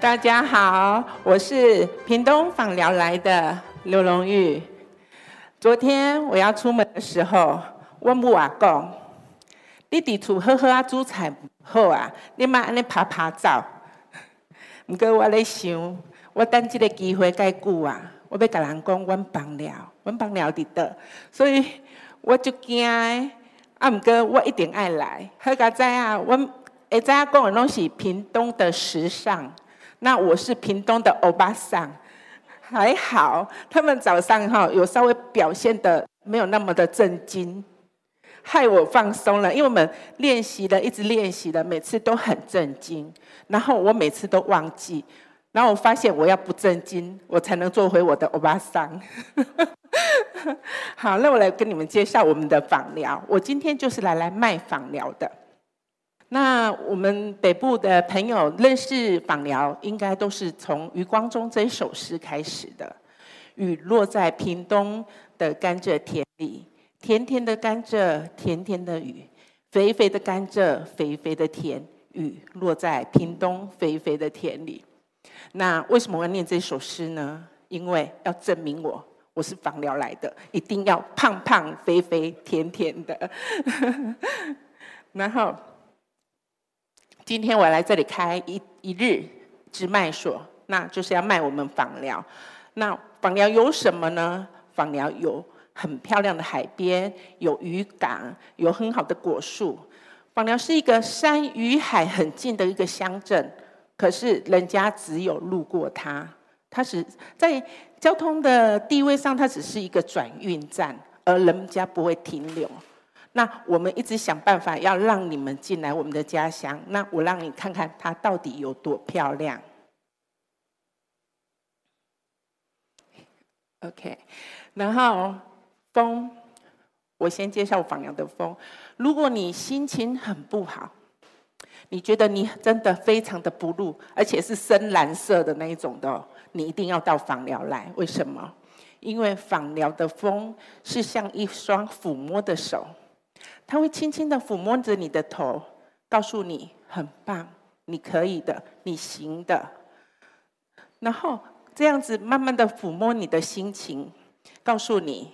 大家好，我是屏東枋寮來的劉蓉諭。昨天我要出門的時候，阮母阿講：“你佇厝好好啊，煮菜不好啊，你莫安尼拍拍照。”不過我咧想，我等這個機會改久啊，我要甲人講，阮枋寮，阮枋寮佇叨，所以我就驚。啊，毋過我一定愛來。何解在啊？我一在講的都是屏東的時尚。那我是屏東的歐巴桑，還好，他們早上哈有稍微表現的沒有那麼的震驚，害我放鬆了。因為我們練習的，一直練習的，每次都很震驚，然後我每次都忘記，然後我發現我要不震驚，我才能做回我的歐巴桑。 好，那我來跟你們介紹我們的枋寮，我今天就是來來賣枋寮的。那我們北部的朋友認識枋寮，應該都是從余光中這首詩開始的。雨落在屏東的甘蔗田裡，甜甜的甘蔗，甜甜的雨，肥肥的甘蔗，肥肥的田，雨落在屏東肥肥的田裡。那為什麼我要念這首詩呢？因為要證明我我是枋寮來的，一定要胖胖、肥肥、甜甜的。 然後。今天我來這裡開一一日直賣所，那就是要賣我們枋寮。那枋寮有什麼呢？枋寮有很漂亮的海邊，有漁港，有很好的果樹。枋寮是一個山與海很近的一個鄉鎮，可是人家只有路過它，它只在交通的地位上，它只是一個轉運站，而人家不會停留。那我們一直想辦法要讓你們進來我們的家鄉。那我讓你看看它到底有多漂亮。OK，然後風，我先介紹枋寮的風。如果你心情很不好，你覺得你真的非常的 blue，而且是深藍色的那一種的，你一定要到枋寮來。為什麼？因為枋寮的風是像一雙撫摸的手。它會輕輕的撫摸着你的頭，告訴你很棒，你可以的，你行的。然後這樣子慢慢的撫摸你的心情，告訴你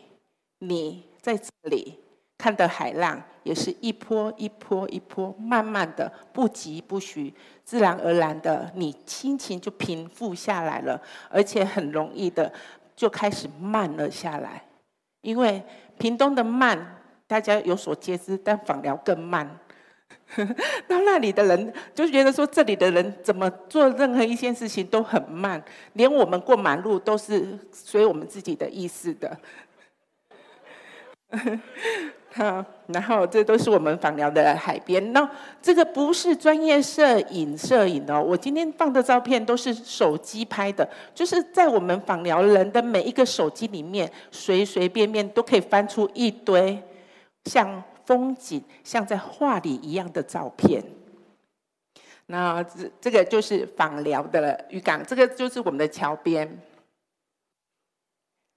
你在這裡看的海浪，也是一波一波一波，慢慢的不疾不徐，自然而然的，你心情就平復下來了，而且很容易的就開始慢了下來，因為屏東的慢。大家有所皆知，但枋寮更慢。 那裡的人就覺得說，這裡的人怎麼做任何一件事情都很慢，連我們過馬路都是隨我們自己的意思的。 好，然後這都是我們枋寮的海邊。那這個不是專業攝影，攝影哦，我今天放的照片都是手機拍的，就是在我們枋寮人的每一個手機裡面，隨隨便便都可以翻出一堆。像風景，像在畫裡一樣的照片。那這這個就是枋寮的漁港，這個就是我們的橋邊。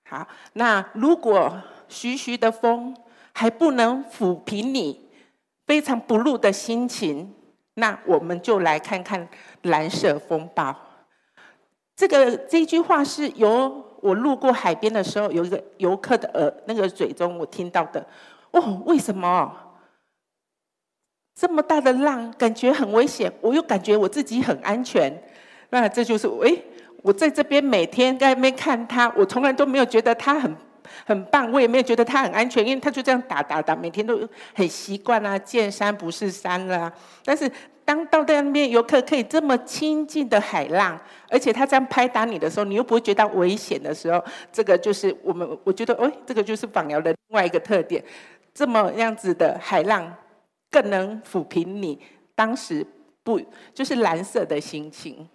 好，那如果徐徐的風還不能撫平你非常 Blue 的心情，那我們就來看看藍色風暴。這個這句話是由我路過海邊的時候，有一個遊客的耳，那個嘴中我聽到的。哦，為什麼這麼大的浪感覺很危險？我又感覺我自己很安全。那這就是，誒，我在這邊每天在那邊看他，我從來都沒有覺得他很很棒，我也沒有覺得他很安全，因為他就這樣打打打，每天都很習慣啊。見山不是山啦、啊。但是當到那邊遊客可以這麼親近的海浪，而且他這樣拍打你的時候，你又不會覺得危險的時候，這個就是我們我覺得，誒，這個就是枋寮的另外一個特點。這麼樣子的海浪，更能撫平你當時不就是藍色的心情。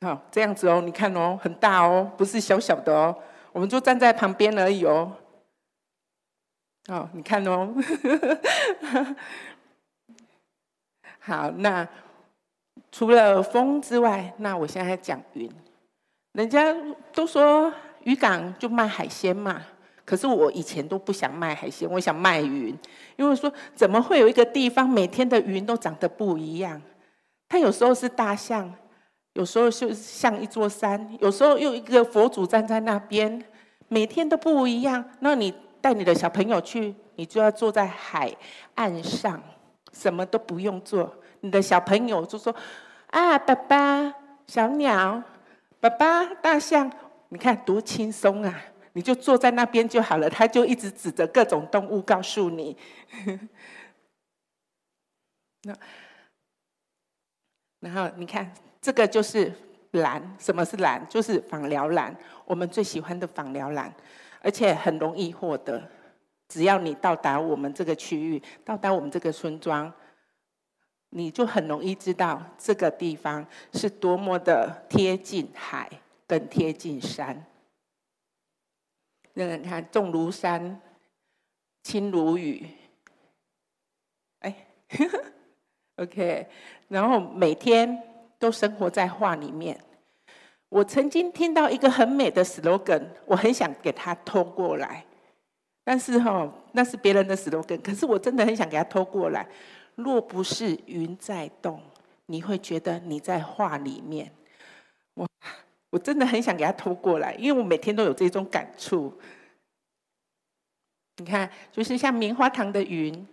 好、哦，這樣子哦，你看哦，很大哦，不是小小的哦，我們就站在旁邊而已哦。好、哦，你看哦。 好，那除了風之外，那我現在還講雲。人家都說漁港就賣海鮮嘛。可是我以前都不想賣海鮮，我想賣雲，因為說怎麼會有一個地方每天的雲都長得不一樣？它有時候是大象，有時候就是像一座山，有時候又有一個佛祖站在那邊，每天都不一樣。那你帶你的小朋友去，你就要坐在海岸上，什麼都不用做，你的小朋友就說：“啊，爸爸，小鳥，爸爸，大象，你看多輕鬆啊！”你就坐在那邊就好了，他就一直指着各種動物告訴你。那， 然後你看，這個就是藍，什麼是藍？就是枋寮藍，我們最喜歡的枋寮藍，而且很容易獲得。只要你到達我們這個區域，到達我們這個村莊，你就很容易知道這個地方是多麼的貼近海，更貼近山。你看，重如山，輕如雨。哎 ，OK，然後每天都生活在畫裡面。我曾經聽到一個很美的 slogan，我很想給它偷過來，但是哈，那是別人的 slogan，可是我真的很想給它偷過來。若不是雲在動，你會覺得你在畫裡面。我。我真的很想給他拖過來，因為我每天都有這種感觸。你看,就是像棉花糖的雲。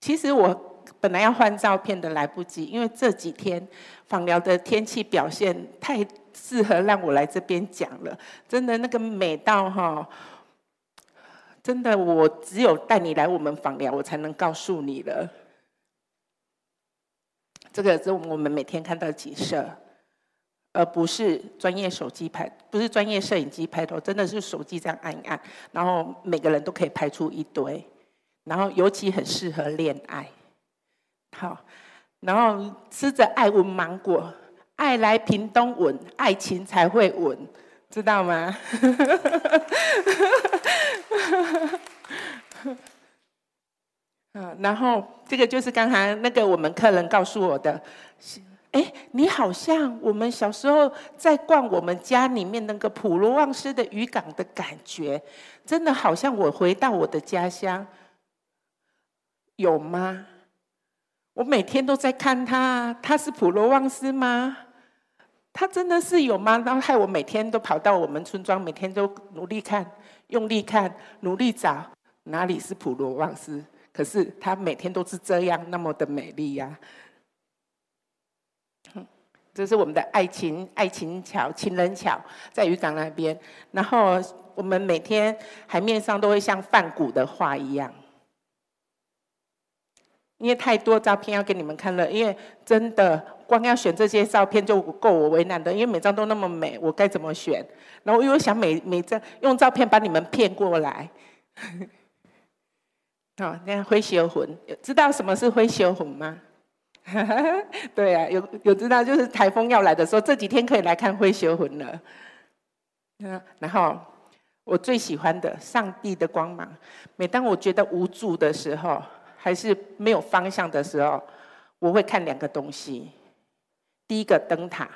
其實我本來要換照片的,來不及，因為這幾天枋寮的天氣表現太適合讓我來這邊講了。真的，那個美到哈、哦，真的，我只有帶你來我們枋寮，我才能告訴你了。這個是我們每天看到的景色。而不是專業手機拍，不是專業攝影機拍頭，都真的是手機這樣按一按，然後每個人都可以拍出一堆，然後尤其很適合戀愛。好，然後吃着愛文芒果，愛來屏東穩，愛情才會穩，知道嗎？ 然後這個就是剛才那個我們客人告訴我的。哎，你好像我們小時候在逛我們家裡面那個普羅旺斯的漁港的感覺，真的好像我回到我的家鄉，有嗎？我每天都在看他，他是普羅旺斯嗎？他真的是有嗎？然後害我每天都跑到我們村莊，每天都努力看、用力看、努力找哪裡是普羅旺斯？可是他每天都是這樣那麼的美麗呀、啊。這是我們的愛情，愛情橋，情人橋，在漁港那邊。然後我們每天海面上都會像梵谷的畫一樣。因為太多照片要給你們看了，因為真的光要選這些照片就夠我為難的，因為每張都那麼美，我該怎麼選？然後我想每每張用照片把你們騙過來。呵呵好，那灰熊魂，知道什麼是灰熊魂嗎？ 對啊，有有知道，就是台風要來的時候，這幾天可以來看《灰修魂》了。然後我最喜歡的《上帝的光芒》，每當我覺得無助的時候，還是沒有方向的時候，我會看兩個東西。第一個燈塔，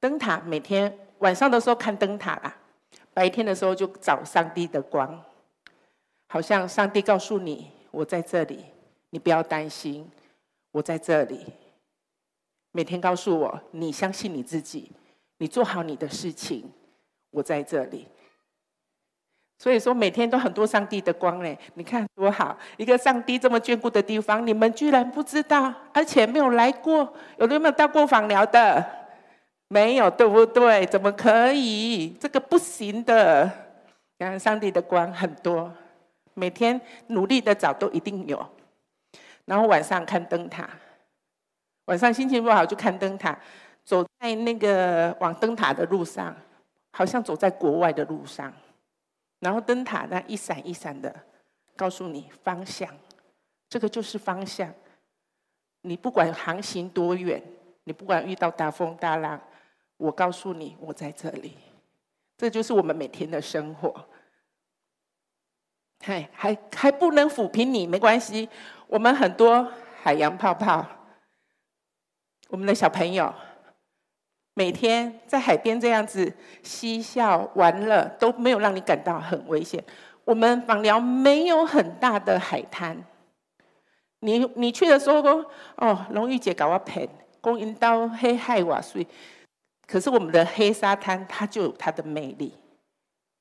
燈塔每天晚上的時候看燈塔啦，白天的時候就找上帝的光，好像上帝告訴你：“我在這裡，你不要擔心。”我在這裡，每天告訴我你相信你自己，你做好你的事情。我在這裡，所以說每天都很多上帝的光嘞、欸，你看多好，一個上帝這麼眷顧的地方，你們居然不知道，而且沒有來過，有沒有到過枋寮的？沒有對不對？怎麼可以？這個不行的。然而上帝的光很多，每天努力的找，都一定有。然後晚上看燈塔，晚上心情不好就看燈塔。走在那個往燈塔的路上，好像走在國外的路上。然後燈塔那一閃一閃的，告訴你方向。這個就是方向。你不管航行多遠，你不管遇到大風大浪，我告訴你，我在這裡。這就是我們每天的生活。還還還不能撫平你，沒關係。我們很多海洋泡泡，我們的小朋友每天在海邊這樣子嬉笑玩樂，都沒有讓你感到很危險。我們枋寮沒有很大的海灘，你你去的時候哦，蓉諭姐搞挖盆，公銀刀黑海瓦碎。可是我們的黑沙灘它就有它的魅力，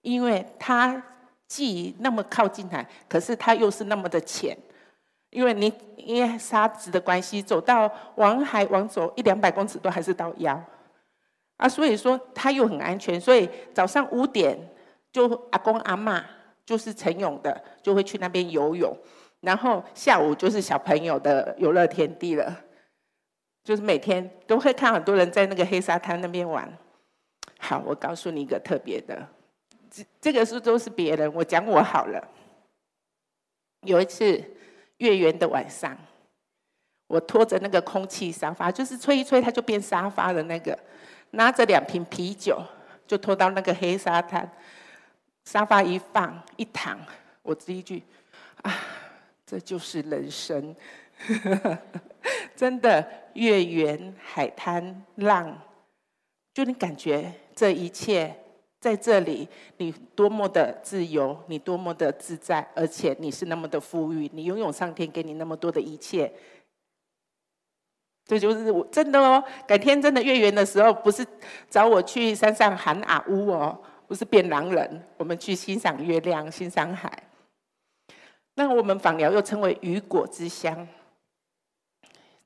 因為它既那麼靠近海，可是它又是那麼的淺。因為你因為沙子的關係，走到往海往走一兩百公尺都還是到腰啊，所以說它又很安全。所以早上五點就阿公阿嬤就是晨泳的，就會去那邊游泳，然後下午就是小朋友的遊樂天地了，就是每天都會看很多人在那個黑沙灘那邊玩。好，我告訴你一個特別的，這這個是都是別人，我講我好了。有一次。月圓的晚上，我拖着那個空氣沙發，就是吹一吹它就變沙發的那個，拿着兩瓶啤酒，就拖到那個黑沙灘，沙發一放一躺，我只一句，啊，這就是人生，呵呵，真的，月圓海灘浪，就能感覺這一切。在這裡，你多麼的自由，你多麼的自在，而且你是那麼的富裕，你擁有上天給你那麼多的一切。這就是我真的哦，改天真的月圓的時候，不是找我去山上喊啊嗚哦，不是變狼人，我們去欣賞月亮，欣賞海。那我們枋寮又稱為雨果之鄉，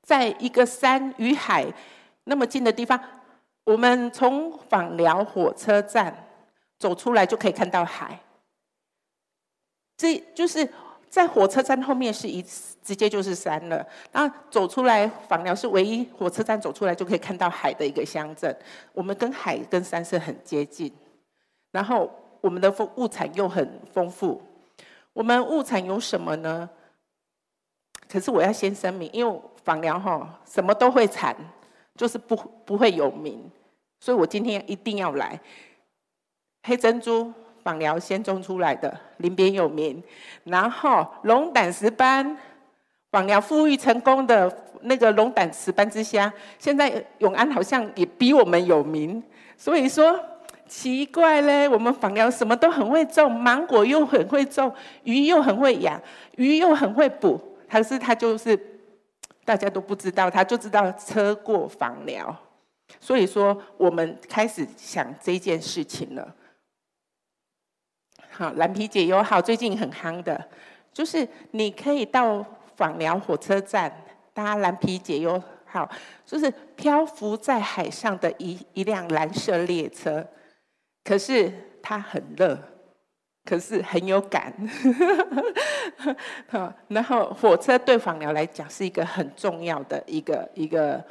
在一個山與海那麼近的地方。我們從枋寮火車站走出來，就可以看到海。這就是在火車站後面是一直接，就是山了。那走出來枋寮是唯一火車站走出來就可以看到海的一個鄉鎮。我們跟海跟山是很接近，然後我們的物產又很豐富。我們物產有什麼呢？可是我要先聲明，因為枋寮哈什麼都會產。就是不不會有名，所以我今天一定要來。黑珍珠枋寮先種出來的，林邊有名，然後龍膽石斑枋寮富裕成功的那個龍膽石斑之鄉，現在永安好像也比我們有名，所以說奇怪嘞，我們枋寮什麼都很會種，芒果又很會種，魚又很會養，魚又很會捕，可是它就是。大家都不知道，他就知道車過枋寮，所以說我們開始想這件事情了。好，藍皮解憂號，最近很夯的，就是你可以到枋寮火車站搭藍皮解憂號，就是漂浮在海上的一一輛藍色列車，可是它很熱。可是很有感， 哈，然後火車對枋寮來講是一個很重要的一個一個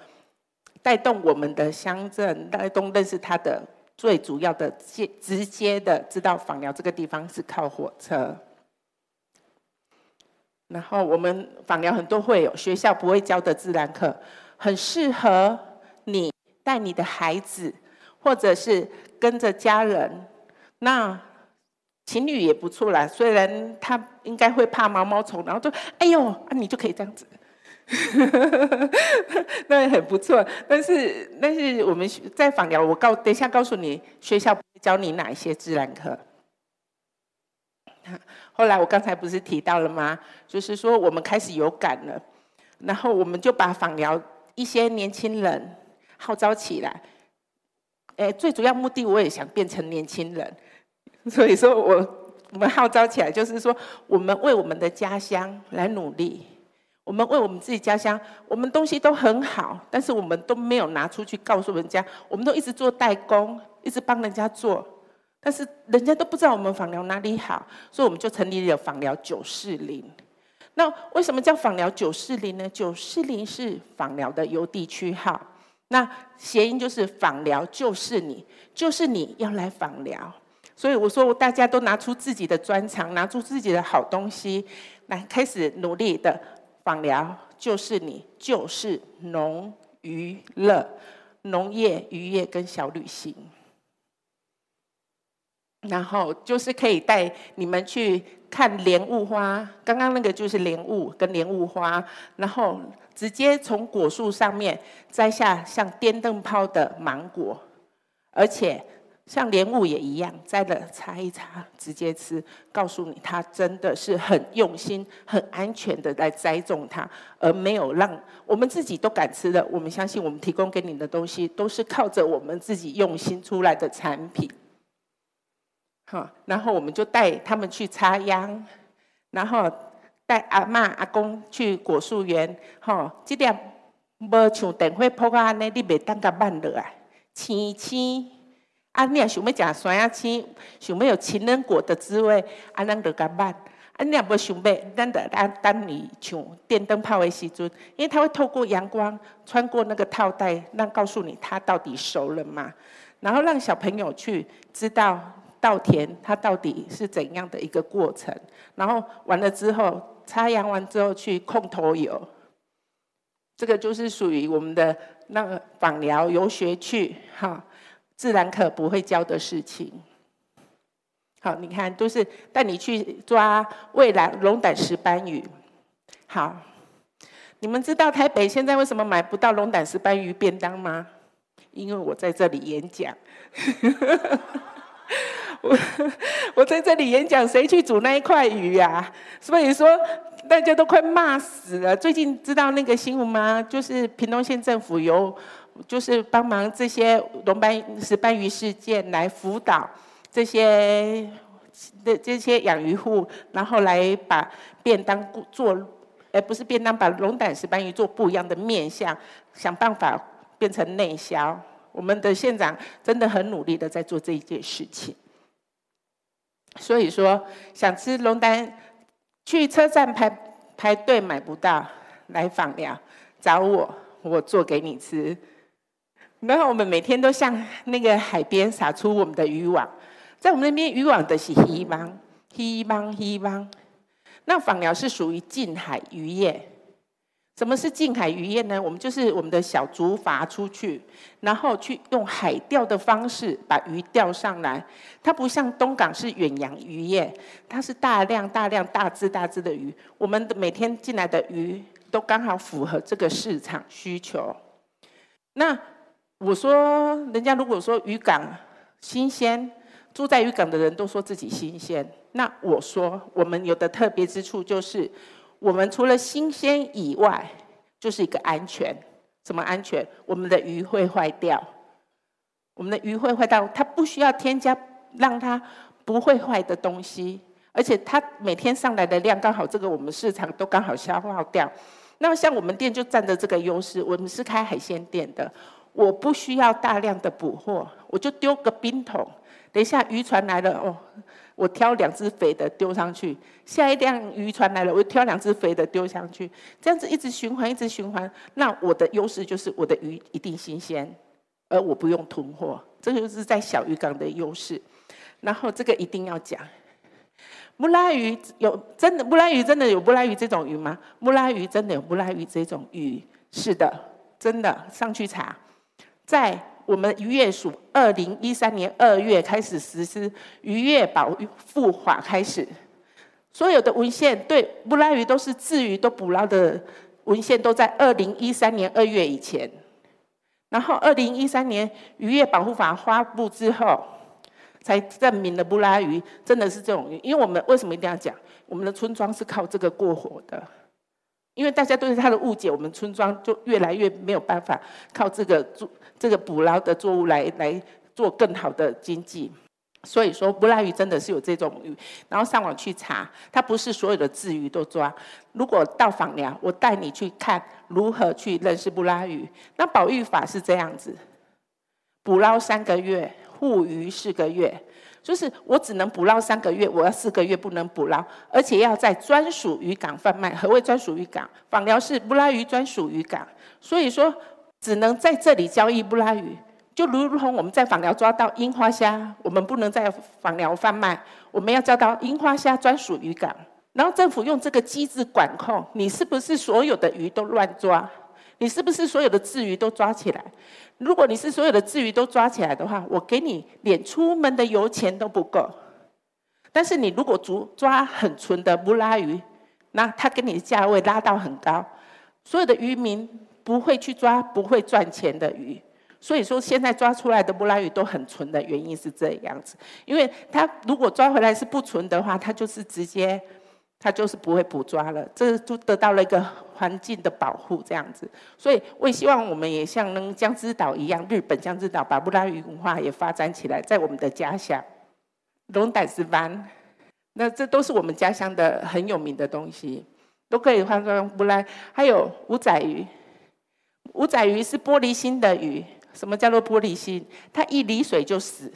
帶動我們的鄉鎮，帶動認識它的最主要的、接直接的知道枋寮這個地方是靠火車。然後我們枋寮很多會有學校不會教的自然課，很適合你帶你的孩子，或者是跟着家人那。情侶也不錯啦，雖然他應該會怕毛毛蟲，然後就哎呦，你就可以這樣子， 那也很不錯。但是，但是我們在枋寮，我告等一下告訴你，學校教你哪一些自然課。後來我剛才不是提到了嗎？就是說我們開始有感了，然後我們就把枋寮一些年輕人號召起來。誒，最主要目的，我也想變成年輕人。所以說我，我我們號召起來，就是說，我們為我們的家鄉來努力。我們為我們自己家鄉，我們東西都很好，但是我們都沒有拿出去告訴人家，我們都一直做代工，一直幫人家做，但是人家都不知道我們枋寮哪裡好，所以我們就成立了枋寮九四零。那為什麼叫枋寮九四零呢？九四零是枋寮的郵遞區號，那諧音就是枋寮就是你，就是你要來枋寮。所以我說，大家都拿出自己的專長，拿出自己的好東西，來開始努力的枋寮。就是你，就是農、娛樂、農業、漁業跟小旅行，然後就是可以帶你們去看蓮霧花。剛剛那個就是蓮霧跟蓮霧花，然後直接從果樹上面摘下像電燈泡的芒果，而且。像蓮霧也一樣，摘了擦一擦，直接吃。告訴你，它真的是很用心、很安全的來栽種它，而沒有讓我們自己都敢吃的。我們相信，我們提供給你的東西都是靠着我們自己用心出來的產品。好，然後我們就帶他們去插秧，然後帶阿嬤、阿公去果樹園。哈，這點無像電費破安尼，你別當啊，你也想要食酸藥青，想要有情人果的滋味，啊，那個乾飯，啊，你也不想要。等等，等，等你像電燈泡的習俗，因為它會透過陽光穿過那個套袋，讓告訴你它到底熟了嗎？然後讓小朋友去知道稻田它到底是怎樣的一個過程。然後完了之後，插秧完之後去控土油，這個就是屬於我們的那個枋寮遊學去，哈。自然可不會教的事情。好，你看都是帶你去抓未來龍膽石斑魚。好，你們知道台北現在為什麼買不到龍膽石斑魚便當嗎？因為我在這裡演講。我我在這裡演講，誰去煮那一塊魚呀？所以說大家都快罵死了。最近知道那個新聞嗎？就是屏東縣政府有。就是幫忙這些龍膽石斑魚事件來輔導這些的這些養魚戶，然後來把便當做，而、呃、不是便當，把龍膽石斑魚做不一樣的面相，想辦法變成內銷。我們的縣長真的很努力的在做這一件事情。所以說，想吃龍膽，去車站排排隊買不到，來枋寮，找我，我做給你吃。然後我們每天都向那個海邊撒出我們的漁網，在我們那邊漁網的是黑網、黑網、黑網。那枋寮是屬於近海漁業。什麼是近海漁業呢？我們就是我們的小竹筏出去，然後去用海釣的方式把魚釣上來。它不像東港是遠洋漁業，它是大量大量大隻大隻的魚。我們的每天進來的魚都剛好符合這個市場需求。那我說，人家如果說漁港新鮮，住在漁港的人都說自己新鮮。那我說，我們有的特別之處就是，我們除了新鮮以外，就是一個安全。怎麼安全？我們的魚會壞掉，我們的魚會壞掉，它不需要添加讓它不會壞的東西，而且它每天上來的量剛好，這個我們市場都剛好消耗掉。那麼像我們店就佔着這個優勢，我們是開海鮮店的。我不需要大量的補貨，我就丟個冰桶。等一下漁船來了哦，我挑兩隻肥的丟上去。下一輛漁船來了，我挑兩隻肥的丟上去。這樣子一直循環，一直循環。那我的優勢就是我的魚一定新鮮，而我不用囤貨。這就是在小魚港的優勢。然後這個一定要講，木拉魚有，真的木拉魚真的有木拉魚這種魚嗎？木拉魚真的有木拉魚這種魚？是的，真的，上去查。在我們漁業署二零一三年二月開始實施漁業保護法開始，所有的文獻對布拉魚都是自於都捕撈的文獻都在二零一三年二月以前。然後二零一三年漁業保護法發佈之後，才證明了布拉魚真的是這種魚。因為我們為什麼一定要講？我們的村莊是靠這個過活的。因為大家對它的誤解，我們村莊就越來越沒有辦法靠這個這個捕撈的作物來來做更好的經濟。所以說，布拉魚真的是有這種魚，然後上網去查，他不是所有的稚魚都抓。如果到枋寮，我帶你去看如何去認識布拉魚。那保育法是這樣子：捕撈三個月，護魚四個月。就是我只能捕撈三個月，我要四個月不能捕撈，而且要在專屬漁港販賣。何謂專屬漁港？枋寮是布拉魚專屬漁港，所以說只能在這裡交易布拉魚。就如同我們在枋寮抓到櫻花蝦，我們不能在枋寮販賣，我們要交到櫻花蝦專屬漁港。然後政府用這個機制管控，你是不是所有的魚都亂抓？你是不是所有的鯽魚都抓起來？如果你是所有的鯽魚都抓起來的話，我給你連出門的油錢都不夠。但是你如果抓抓很純的木拉魚，那它給你的價位拉到很高。所有的漁民不會去抓不會賺錢的魚，所以說現在抓出來的木拉魚都很純的原因是這樣子。因為他如果抓回來是不純的話，他就是直接。它就是不會捕抓了，這就得到了一個環境的保護這樣子。所以我也希望我們也像能江之島一樣，日本江之島把烏拉魚文化也發展起來，在我們的家鄉龍膽石斑，那這都是我們家鄉的很有名的東西，都可以換成烏拉。還有烏仔魚，烏仔魚是玻璃心的魚，什麼叫做玻璃心？它一離水就死。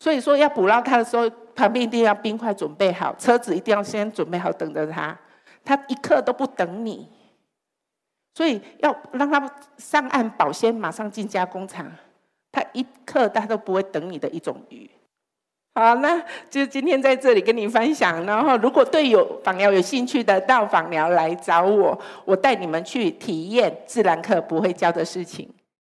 所以說，要捕撈它的時候，旁邊一定要冰塊準備好，車子一定要先準備好等着它。它一刻都不等你，所以要讓它上岸保鮮，馬上進加工廠。它一刻它都不會等你的一種魚。好，那就今天在這裡跟你分享。然後，如果對有枋寮有興趣的到枋寮來找我，我帶你們去體驗自然課不會教的事情。